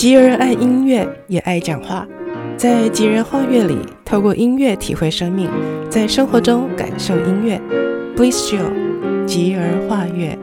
吉爾愛音樂，也愛講話。在吉爾畫樂裡，透過音樂體會生命，在生活中感受音樂。Please Jill，吉爾畫樂。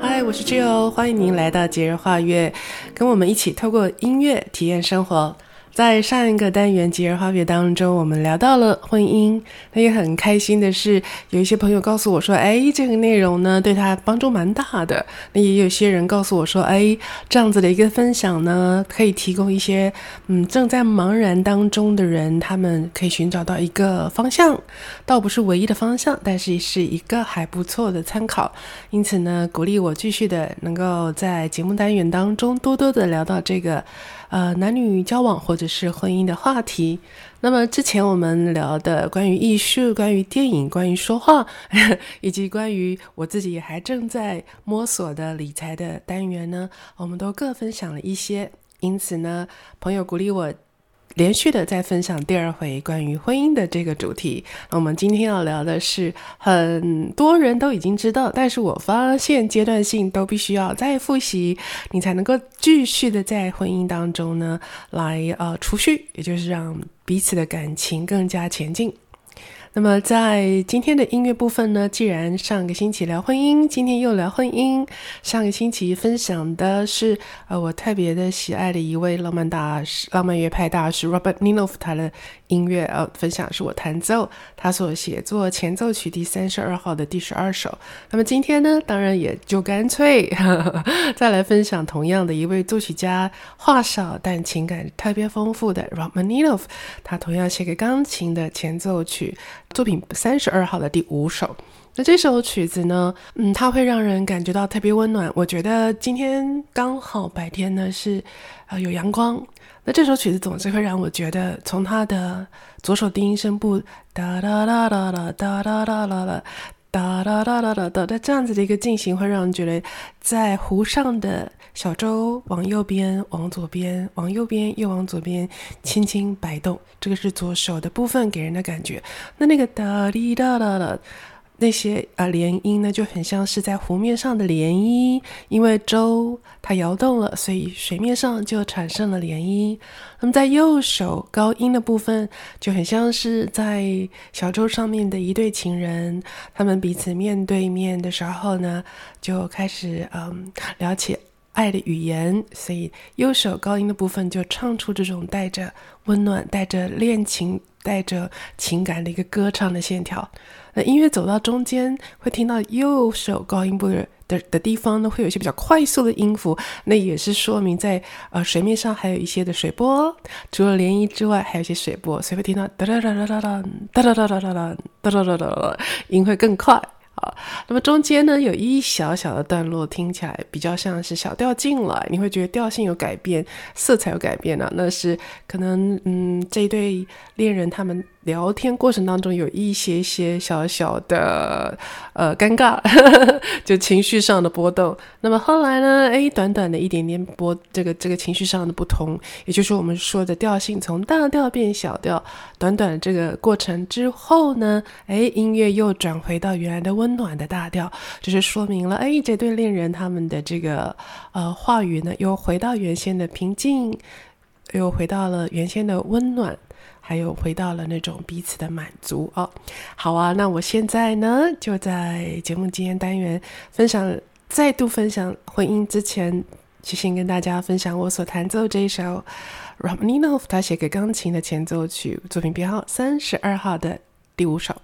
嗨，我是 Jill，歡迎您來到吉爾畫樂，跟我們一起透過音樂體驗生活。在上一個單元《吉爾花別》當中，我們聊到了婚姻。那也很開心的是，有一些朋友告訴我說：“誒、哎，這個內容呢，對他幫助蠻大的。”那也有些人告訴我說：“誒、哎，這樣子的一個分享呢，可以提供一些……嗯，正在茫然當中的人，他們可以尋找到一個方向，倒不是唯一的方向，但是也是一個還不錯的參考。因此呢，鼓勵我繼續的能夠在節目單元當中多多的聊到這個。”呃，男女交往或者是婚姻的話題，那麼之前我們聊的關於藝術、關於電影、關於說話，呵呵，以及關於我自己還正在摸索的理財的單元呢，我們都各分享了一些。因此呢，朋友鼓勵我。連續的再分享第二回關於婚姻的這個主題，那我們今天要聊的是很多人都已經知道，但是我發現階段性都必須要再複習，你才能夠繼續的在婚姻當中呢，來，呃，儲蓄，也就是讓彼此的感情更加前進。那麼在今天的音樂部分呢？既然上個星期聊婚姻，今天又聊婚姻。上個星期分享的是呃我特別的喜愛的一位浪漫大師、浪漫樂派大師 Rachmaninoff 他的音樂呃分享是我彈奏他所寫作前奏曲第三十二號的第十二首。那麼今天呢，當然也就乾脆呵呵再來分享同樣的一位作曲家，話少但情感特別豐富的 Rachmaninoff，他同樣寫給鋼琴的前奏曲，作品三十二號的第五首，那這首曲子呢，嗯，它會讓人感覺到特別溫暖。我覺得今天剛好白天呢是，呃，有陽光。那這首曲子總是會讓我覺得，從它的左手低音聲部噠噠噠噠噠噠噠噠噠噠噠噠噠噠，那這樣子的一個進行，會讓人覺得在湖上的。小舟往右邊，往左邊，往右邊，又往左邊，輕輕擺動。這個是左手的部分給人的感覺。那那個噠哩噠的那些啊、呃、連音呢，就很像是在湖面上的漣漪，因為舟它搖動了，所以水面上就產生了漣漪。那麼在右手高音的部分，就很像是在小舟上面的一對情人，他們彼此面對面的時候呢，就開始嗯聊起，了解愛的語言，所以右手高音的部分就唱出這種帶着溫暖、帶着戀情、帶着情感的一個歌唱的線條。那音樂走到中間，會聽到右手高音部的的地方呢，會有一些比較快速的音符。那也是說明在呃水面上還有一些的水波，除了漣漪之外，還有一些水波，所以會聽到噠噠噠噠噠噠噠噠噠噠噠噠噠噠噠噠，音會更快。好，那麼中間呢，有一小小的段落，聽起來比較像是小調進來，你會覺得調性有改變，色彩有改變呢、啊。那是可能，嗯，這一對戀人他們。聊天過程當中有一些些小小的呃尷尬呵呵，就情緒上的波動。那麼後來呢？哎，短短的一點點波，這個這個情緒上的不同，也就是我們說的調性從大調變小調。短短的這個過程之後呢？哎，音樂又轉回到原來的溫暖的大調，就是說明了哎，這對戀人他們的這個呃話語呢，又回到原先的平靜，又回到了原先的溫暖。還有回到了那種彼此的滿足哦，好啊，那我現在呢就在節目經驗單元分享，再度分享婚姻之前，先跟大家分享我所彈奏這一首 Rachmaninoff 他寫給鋼琴的前奏曲作品編號三十二號的第五首。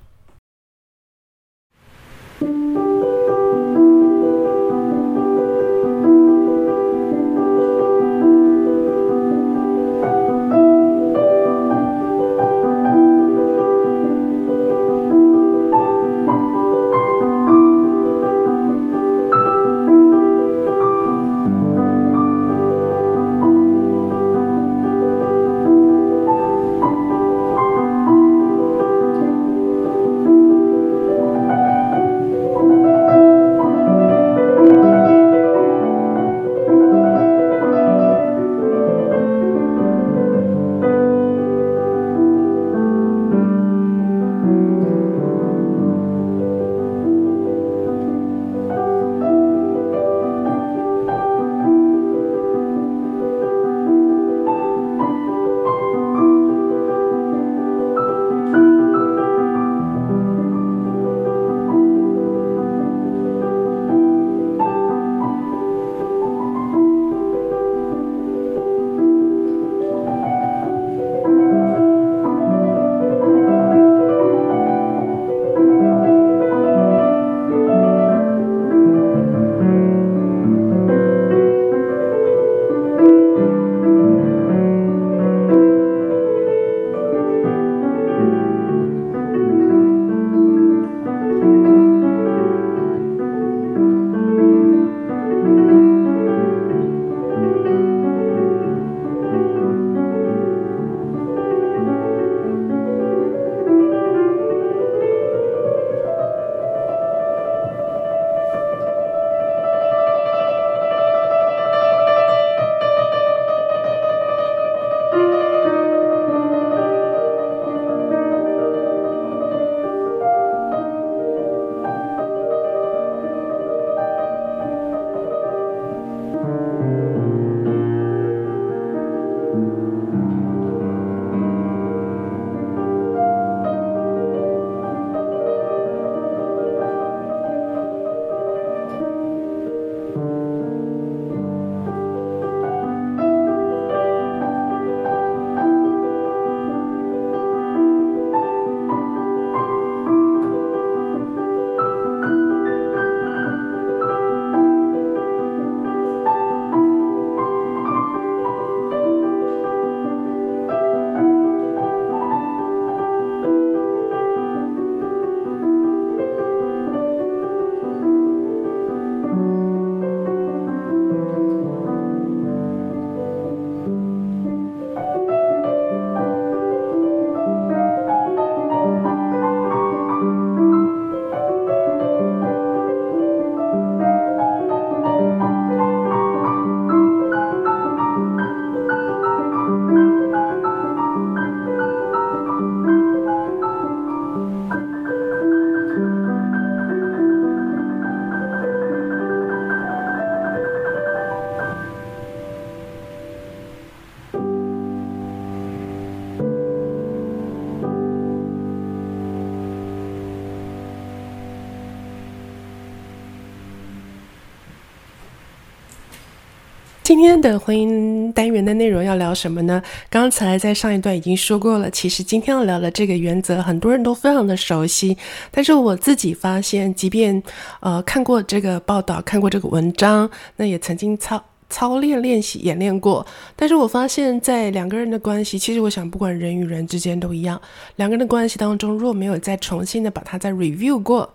今天的婚姻單元的內容要聊什麼呢？剛才在上一段已經說過了。其實今天要聊的這個原則，很多人都非常的熟悉。但是我自己發現，即便呃看過這個報道，看過這個文章，那也曾經操操練練習演練過。但是我發現，在兩個人的關係，其實我想，不管人與人之間都一樣，兩個人的關係當中，若沒有再重新的把它再 review 過。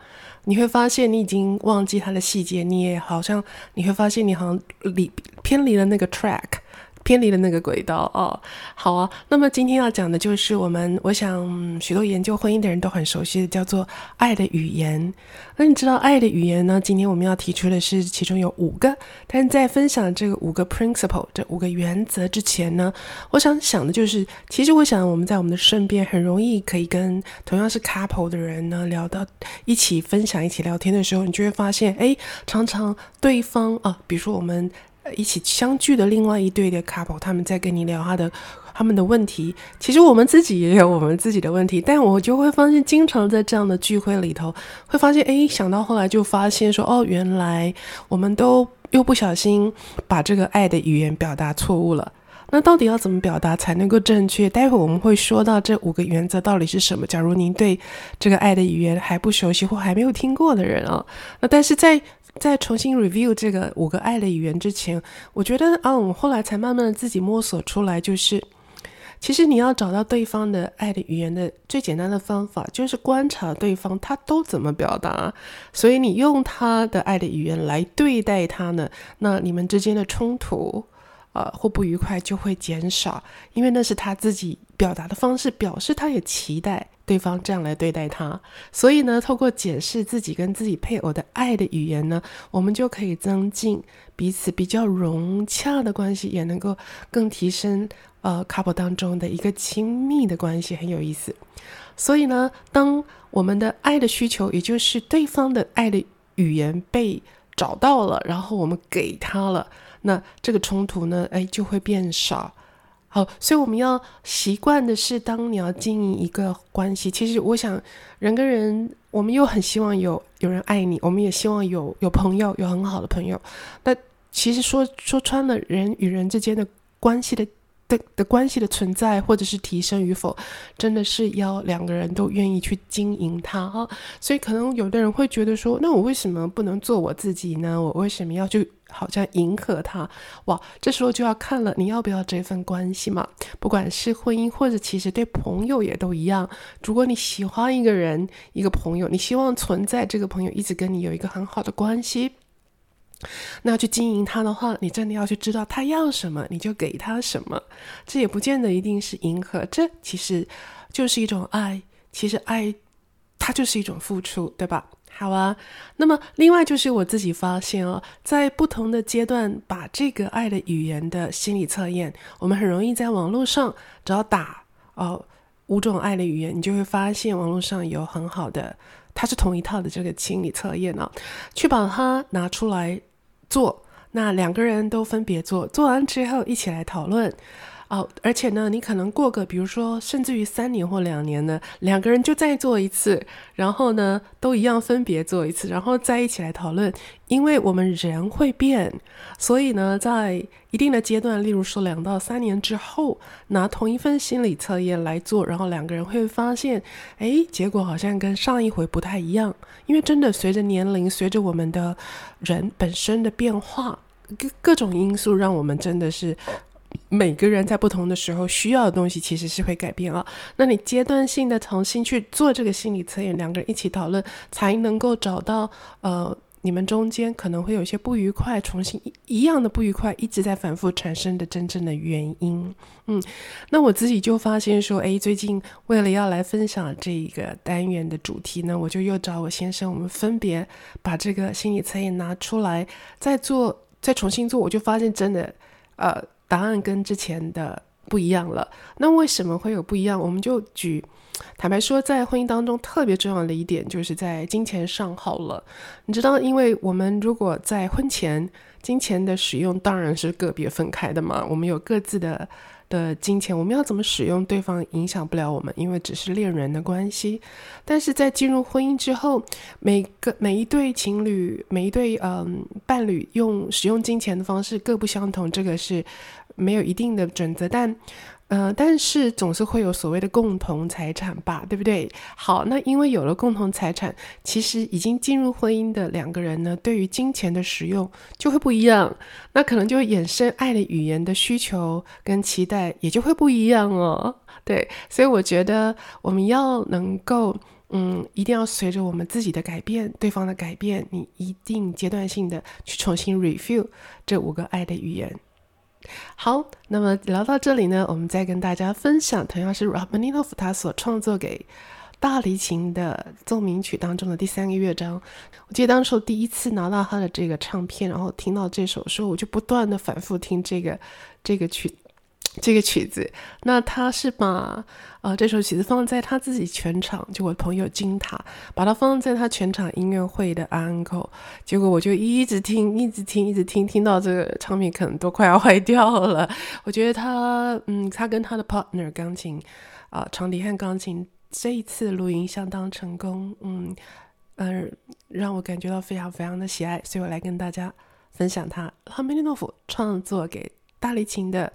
你會發現你已經忘記它的細節，你也好像你會發現你好像離偏離了那個 track。偏離了那個軌道啊、哦！好啊，那麼今天要講的就是我們，我想許多研究婚姻的人都很熟悉的，叫做“愛的語言”。那你知道“愛的語言”呢？今天我們要提出的是其中有五個。但在分享這個五個 principle，這五個原則之前呢，我想想的就是，其實我想我們在我們的身邊很容易可以跟同樣是 couple 的人呢聊到一起分享、一起聊天的時候，你就會發現，誒，常常對方啊，比如說我們。一起相聚的另外一對的 couple，他們在跟你聊他的他們的問題。其實我們自己也有我們自己的問題，但我就會發現，經常在這樣的聚會裡頭，會發現，誒，想到後來就發現說，哦，原來我們都又不小心把這個愛的語言表達錯誤了。那到底要怎麼表達才能夠正確？待會我們會說到這五個原則到底是什麼。假如您對這個愛的語言還不熟悉或還沒有聽過的人啊、哦，那但是在。在重新 review 這個五個愛的語言之前，我覺得啊、嗯，我後來才慢慢的自己摸索出來，就是其實你要找到對方的愛的語言的最簡單的方法，就是觀察對方他都怎麼表達，所以你用他的愛的語言來對待他呢，那你們之間的衝突啊或、呃、不愉快就會減少，因為那是他自己表達的方式，表示他也期待。對方這樣來對待他，所以呢，透過解釋自己跟自己配偶的愛的語言呢，我們就可以增進彼此比較融洽的關係，也能夠更提升呃 couple 當中的一個親密的關係，很有意思。所以呢，當我們的愛的需求，也就是對方的愛的語言被找到了，然後我們給他了，那這個衝突呢，哎，就會變少。好，所以我們要習慣的是，當你要經營一個關係，其實我想，人跟人，我們又很希望有有人愛你，我們也希望有有朋友，有很好的朋友。那其實說說穿了，人與人之間的關係的。的的關係的存在或者是提升與否，真的是要兩個人都願意去經營它哈，所以可能有的人會覺得說，那我為什麼不能做我自己呢？我為什麼要去好像迎合他？哇，這時候就要看了，你要不要這份關係嘛？不管是婚姻或者其實對朋友也都一樣。如果你喜歡一個人一個朋友，你希望存在這個朋友一直跟你有一個很好的關係。那去經營他的話，你真的要去知道他要什麼，你就給他什麼。這也不見得一定是迎合，這其實就是一種愛。其實愛它就是一種付出，對吧？好啊。那麼另外就是我自己發現哦，在不同的階段，把這個愛的語言的心理測驗，我們很容易在網絡上只要打哦。五種愛的語言，你就會發現網絡上有很好的。它是同一套的這個心理測驗呢，去把它拿出來做，那兩個人都分別做，做完之後一起來討論。哦，而且呢，你可能過個，比如說，甚至於三年或兩年呢，兩個人就再做一次，然後呢，都一樣分別做一次，然後再一起來討論。因為我們人會變，所以呢，在一定的階段，例如說兩到三年之後，拿同一份心理測驗來做，然後兩個人會發現，哎，結果好像跟上一回不太一樣。因為真的隨着年齡，隨着我們的人本身的變化，各各種因素讓我們真的是。每個人在不同的時候需要的東西其實是會改變啊。那你階段性的重新去做這個心理測驗，兩個人一起討論，才能夠找到呃，你們中間可能會有些不愉快，重新一樣的不愉快一直在反覆產生的真正的原因。嗯，那我自己就發現說，哎，最近為了要來分享這一個單元的主題呢，我就又找我先生，我們分別把這個心理測驗拿出來再做，再重新做，我就發現真的，呃。答案跟之前的不一樣了，那為什麼會有不一樣？我們就舉，坦白說，在婚姻當中特別重要的一點就是在金錢上好了，你知道，因為我們如果在婚前金錢的使用當然是個別分開的嘛，我們有各自的。的金錢，我們要怎麼使用，對方影響不了我們，因為只是戀人的關係。但是在進入婚姻之後，每個每一對情侶，每一對嗯伴侶用，用使用金錢的方式各不相同，這個是沒有一定的準則，但嗯、呃，但是總是會有所謂的共同財產吧，對不對？好，那因為有了共同財產，其實已經進入婚姻的兩個人呢，對於金錢的使用就會不一樣，那可能就衍生愛的語言的需求跟期待也就會不一樣哦。對，所以我覺得我們要能夠，嗯，一定要隨着我們自己的改變，對方的改變，你一定階段性的去重新 review 這五個愛的語言。好，那麼聊到這裡呢，我們再跟大家分享，同樣是 Rachmaninoff in 他所創作給大提琴的奏鳴曲當中的第三個樂章。我記得當時我第一次拿到他的這個唱片，然後聽到這首首，說我就不斷的反復聽這個這個曲。這個曲子，那他是把啊、呃、這首曲子放在他自己全場，就我朋友金塔把它放在他全場音樂會的安可，結果我就一直聽，一直聽，一直聽，聽到這個唱片可能都快要壞掉了。我覺得他，嗯，他跟他的 partner 鋼琴，啊、呃，長笛和鋼琴這一次錄音相當成功，嗯嗯、呃，讓我感覺到非常非常的喜愛，所以我來跟大家分享他拉赫曼尼諾夫創作給大提琴的。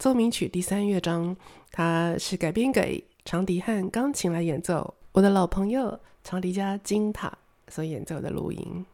奏鳴曲第三樂章，它是改編給長笛和鋼琴來演奏。我的老朋友長笛家金塔所演奏的錄音。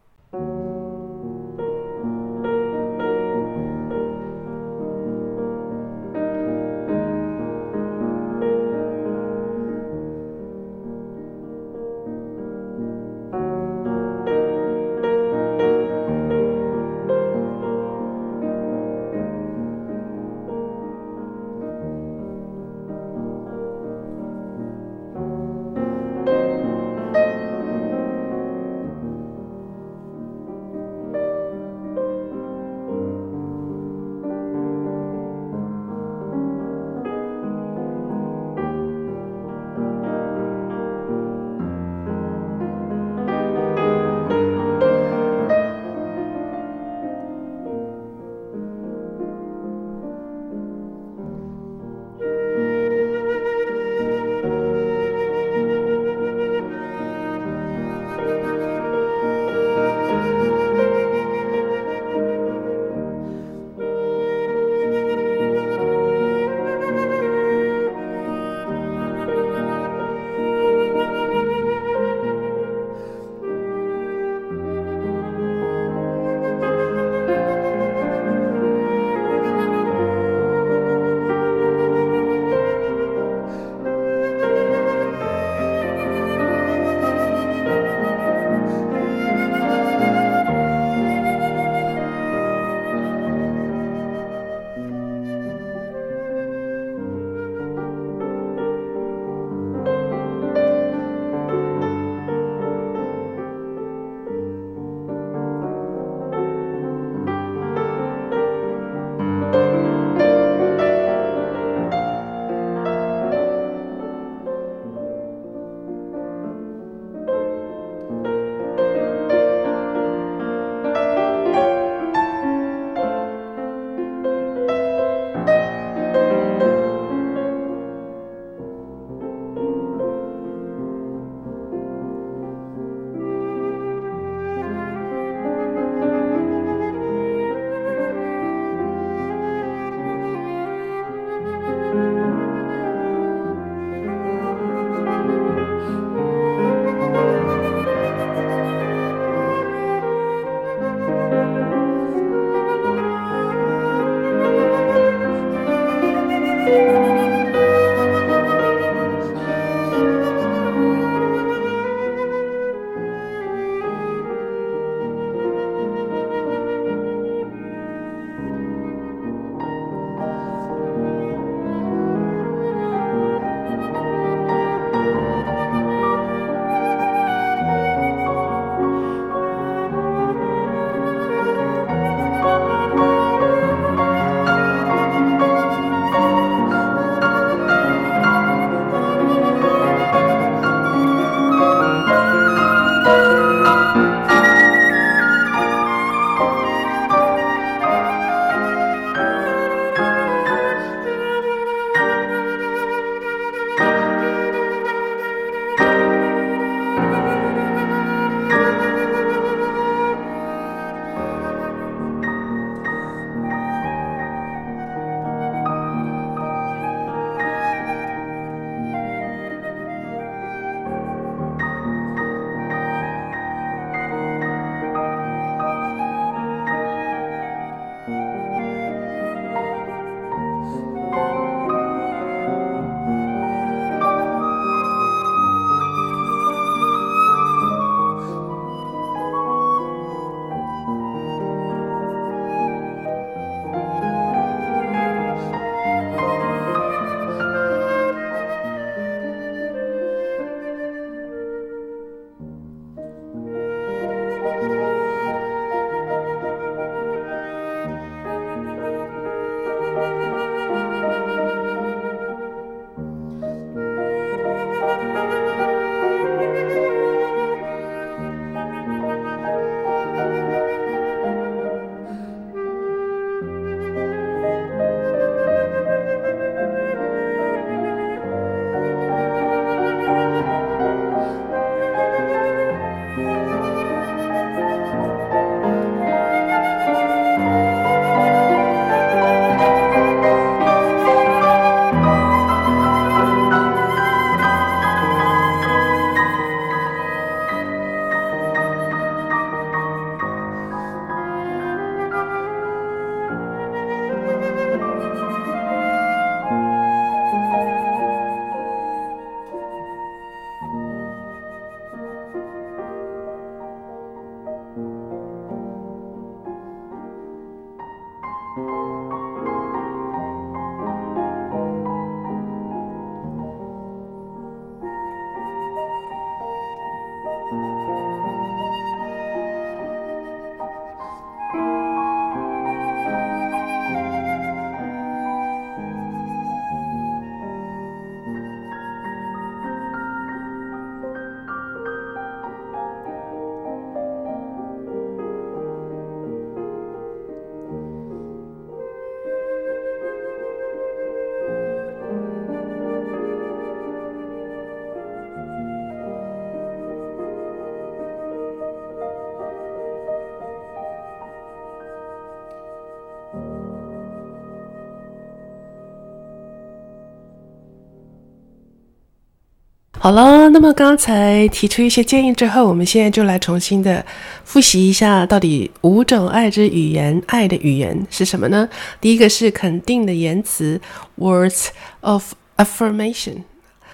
好了，那麼剛才提出一些建議之後，我們現在就來重新的複習一下，到底五種愛之語言、愛的語言是什麼呢？第一個是肯定的言辭，words of affirmation。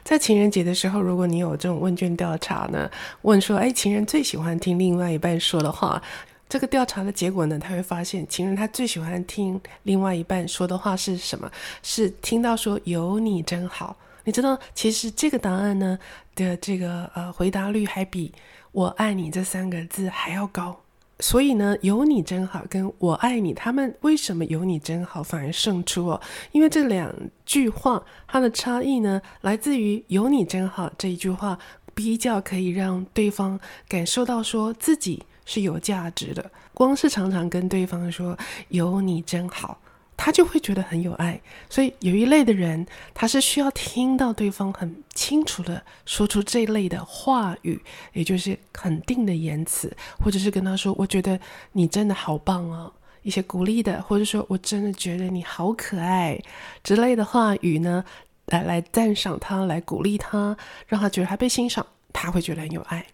在情人節的時候，如果你有這種問卷調查呢，問說，哎，情人最喜歡聽另外一半說的話，這個調查的結果呢，他會發現情人他最喜歡聽另外一半說的話是什麼？是聽到說“有你真好”。你知道，其實這個答案呢的這個呃回答率還比我愛你這三個字還要高。所以呢，有你真好跟我愛你，他們為什麼有你真好反而勝出哦？因為這兩句話它的差異呢，來自於有你真好這一句話比較可以讓對方感受到說自己是有價值的。光是常常跟對方說有你真好。他就會覺得很有愛，所以有一類的人，他是需要聽到對方很清楚的說出這類的話語，也就是肯定的言辭，或者是跟他說：“我覺得你真的好棒哦”，一些鼓勵的，或者說我真的覺得你好可愛之類的話語呢，來來讚賞他，來鼓勵他，讓他覺得他被欣賞，他會覺得很有愛。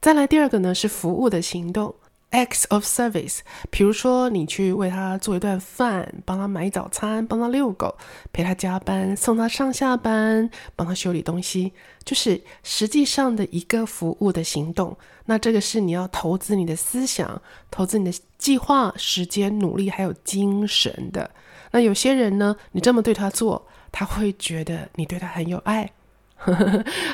再來第二個呢，是服務的行動。Acts of service，比如說你去為他做一頓飯，幫他買早餐，幫他遛狗，陪他加班，送他上下班，幫他修理東西，就是實際上的一個服務的行動。那這個是你要投資你的思想、投資你的計劃、時間、努力還有精神的。那有些人呢，你這麼對他做，他會覺得你對他很有愛。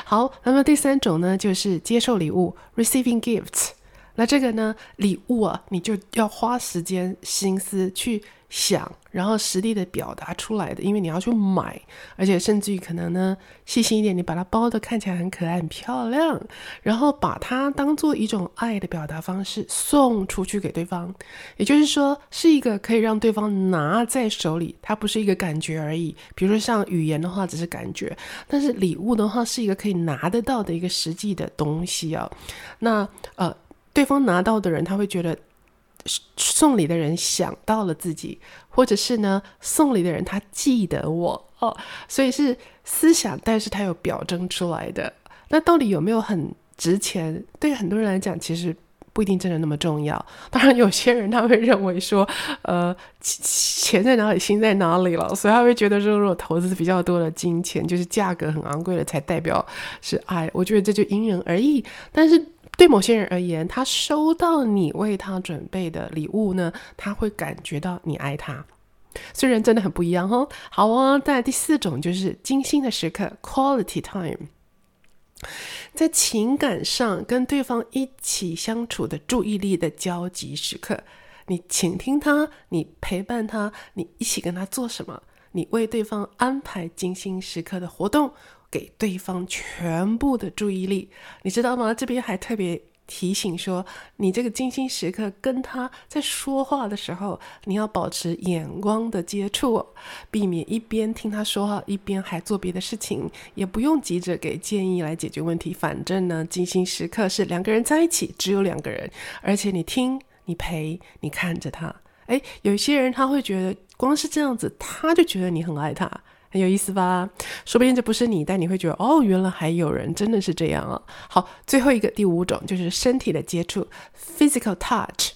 好，那麼第三種呢，就是接受禮物，receiving gifts。那這個呢，禮物啊，你就要花時間、心思去想，然後實地的表達出來的，因為你要去買，而且甚至於可能呢，細心一點，你把它包得看起來很可愛、很漂亮，然後把它當做一種愛的表達方式送出去給對方。也就是說，是一個可以讓對方拿在手裡，它不是一個感覺而已。比如說像語言的話，只是感覺，但是禮物的話，是一個可以拿得到的一個實際的東西啊。那呃。對方拿到的人，他會覺得送禮的人想到了自己，或者是呢，送禮的人他記得我哦，所以是思想，但是他有表徵出來的。那到底有沒有很值錢？對很多人來講，其實不一定真的那麼重要。當然，有些人他會認為說，呃，錢在哪裡，心在哪裡了，所以他會覺得說，如果投資比較多的金錢，就是價格很昂貴的，才代表是愛、哎。我覺得這就因人而異，但是。對某些人而言，他收到你為他準備的禮物呢，他會感覺到你愛他。雖然真的很不一樣哦。好啊、哦，再來第四種就是精心的時刻 （quality time）。在情感上跟對方一起相處的注意力的交集時刻，你傾聽他，你陪伴他，你一起跟他做什麼？你為對方安排精心時刻的活動。給對方全部的注意力，你知道嗎？這邊還特別提醒說，你這個精心時刻跟他在說話的時候，你要保持眼光的接觸，避免一邊聽他說話，一邊還做別的事情。也不用急着給建議來解決問題，反正呢，精心時刻是兩個人在一起，只有兩個人。而且你聽，你陪，你看着他。誒，有些人他會覺得，光是這樣子，他就覺得你很愛他。很有意思吧？說不定這不是你，但你會覺得哦，原來還有人真的是這樣啊！好，最後一個第五種就是身體的接觸，physical touch。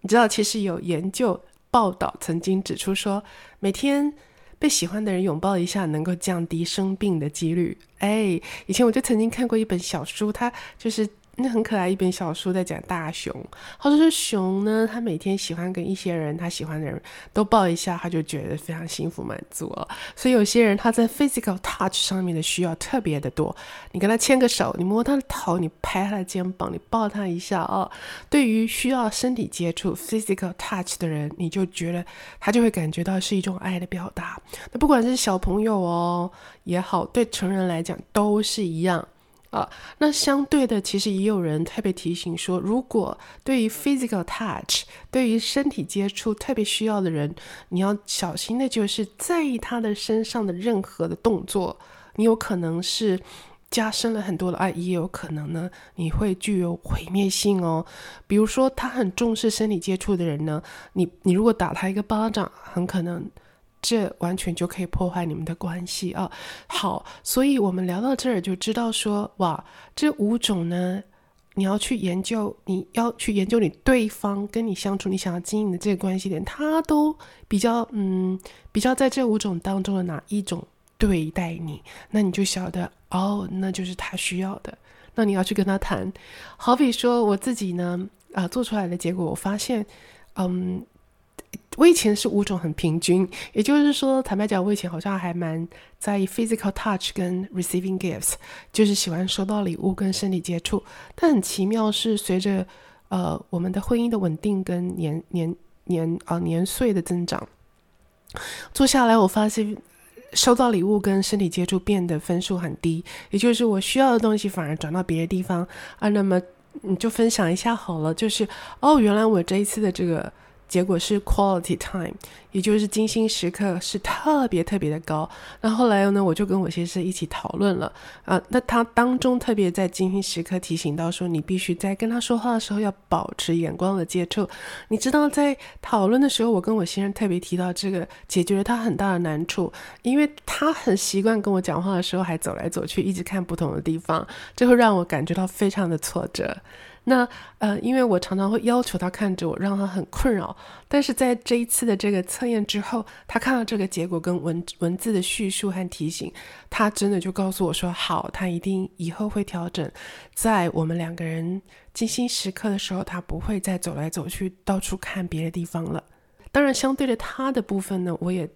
你知道，其實有研究報道曾經指出說，每天被喜歡的人擁抱一下，能夠降低生病的幾率。哎，以前我就曾經看過一本小書，它就是。那、嗯、很可愛，一本小書在講大熊，他說，說熊呢，他每天喜歡跟一些人，他喜歡的人都抱一下，他就覺得非常幸福滿足，哦。所以有些人他在 physical touch 上面的需要特別的多，你跟他牽個手，你摸他的頭，你拍他的肩膀，你抱他一下哦。對於需要身體接觸 physical touch 的人，你就覺得他就會感覺到是一種愛的表達。那不管是小朋友哦也好，對成人來講都是一樣。啊，那相對的，其實也有人特別提醒說，如果對於 physical touch，對於身體接觸特別需要的人，你要小心的就是在意他的身上的任何的動作，你有可能是加深了很多的愛，也有可能呢，你會具有毀滅性哦。比如說，他很重視身體接觸的人呢，你你如果打他一個巴掌，很可能。這完全就可以破壞你們的關係啊、哦！好，所以我們聊到這兒就知道說，哇，這五種呢，你要去研究，你要去研究你對方跟你相處，你想要經營的這個關係點，他都比較，嗯，比較在這五種當中的哪一種對待你，那你就曉得哦，那就是他需要的。那你要去跟他談，好比說我自己呢，啊、呃，做出來的結果，我發現，嗯。我以前是五種很平均，也就是說，坦白講，我以前好像還蠻在意 physical touch 跟 receiving gifts，就是喜歡收到禮物跟身體接觸。但很奇妙是，隨着呃我們的婚姻的穩定跟年年年啊年歲的增長，坐下來我發現收到禮物跟身體接觸變得分數很低，也就是我需要的東西反而轉到別的地方啊。那麼你就分享一下好了，就是哦，原來我這一次的這個。結果是 quality time，也就是精心時刻是特別特別的高。那後來呢，我就跟我先生一起討論了啊，那他當中特別在精心時刻提醒到說，你必須在跟他說話的時候要保持眼光的接觸。你知道，在討論的時候，我跟我先生特別提到這個，解決了他很大的難處，因為他很習慣跟我講話的時候還走來走去，一直看不同的地方，這會讓我感覺到非常的挫折。那呃，因為我常常會要求他看着我，讓他很困擾。但是在這一次的這個測驗之後，他看到這個結果跟文文字的敘述和提醒，他真的就告訴我說：“好，他一定以後會調整，在我們兩個人精心時刻的時候，他不會再走來走去，到處看別的地方了。”當然，相對的，他的部分呢，我也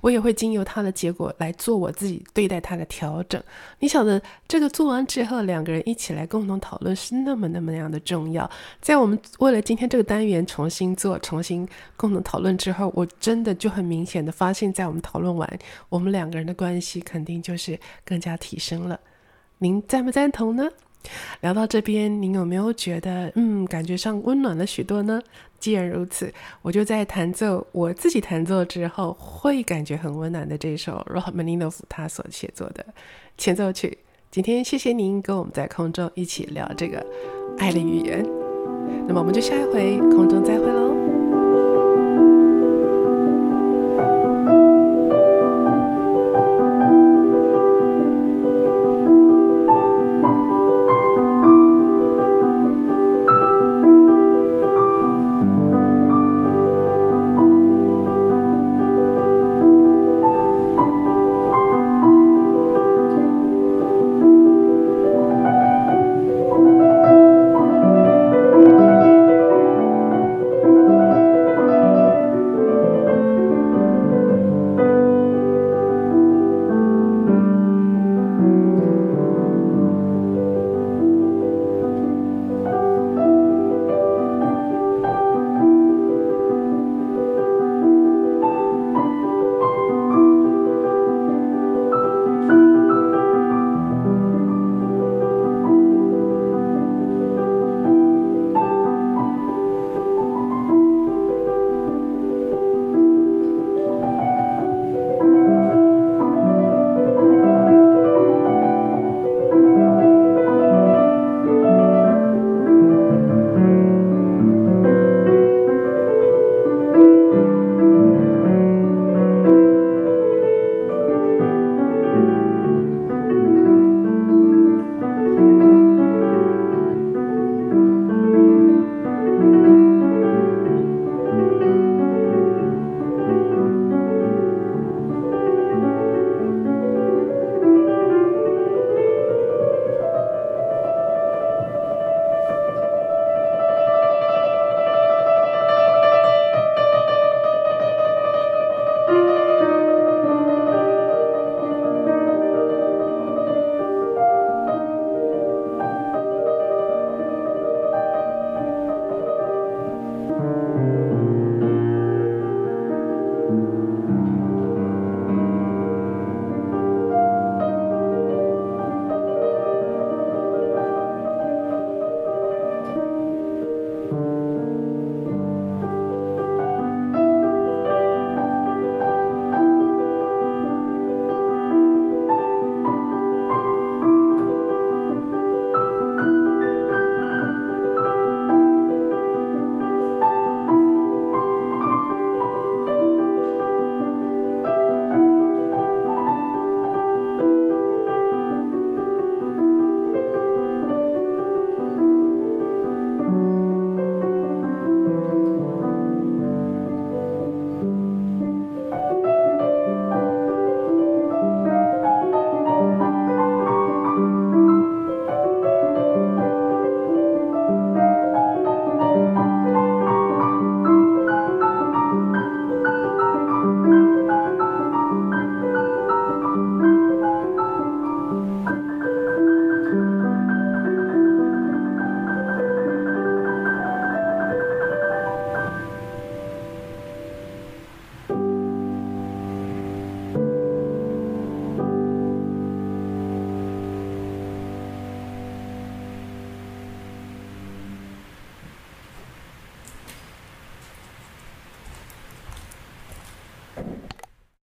我也會經由他的結果來做我自己對待他的調整。你曉得，這個做完之後，兩個人一起來共同討論是那麼那麼那樣的重要。在我們為了今天這個單元重新做、重新共同討論之後，我真的就很明顯的發現，在我們討論完，我們兩個人的關係肯定就是更加提升了。您贊不贊同呢？聊到這邊，您有沒有覺得，嗯，感覺上溫暖了許多呢？既然如此，我就在彈奏我自己彈奏之後會感覺很溫暖的這首 Rachmaninoff 他所寫作的前奏曲。今天謝謝您跟我們在空中一起聊這個愛的語言，那麼我們就下一回空中再會嘍。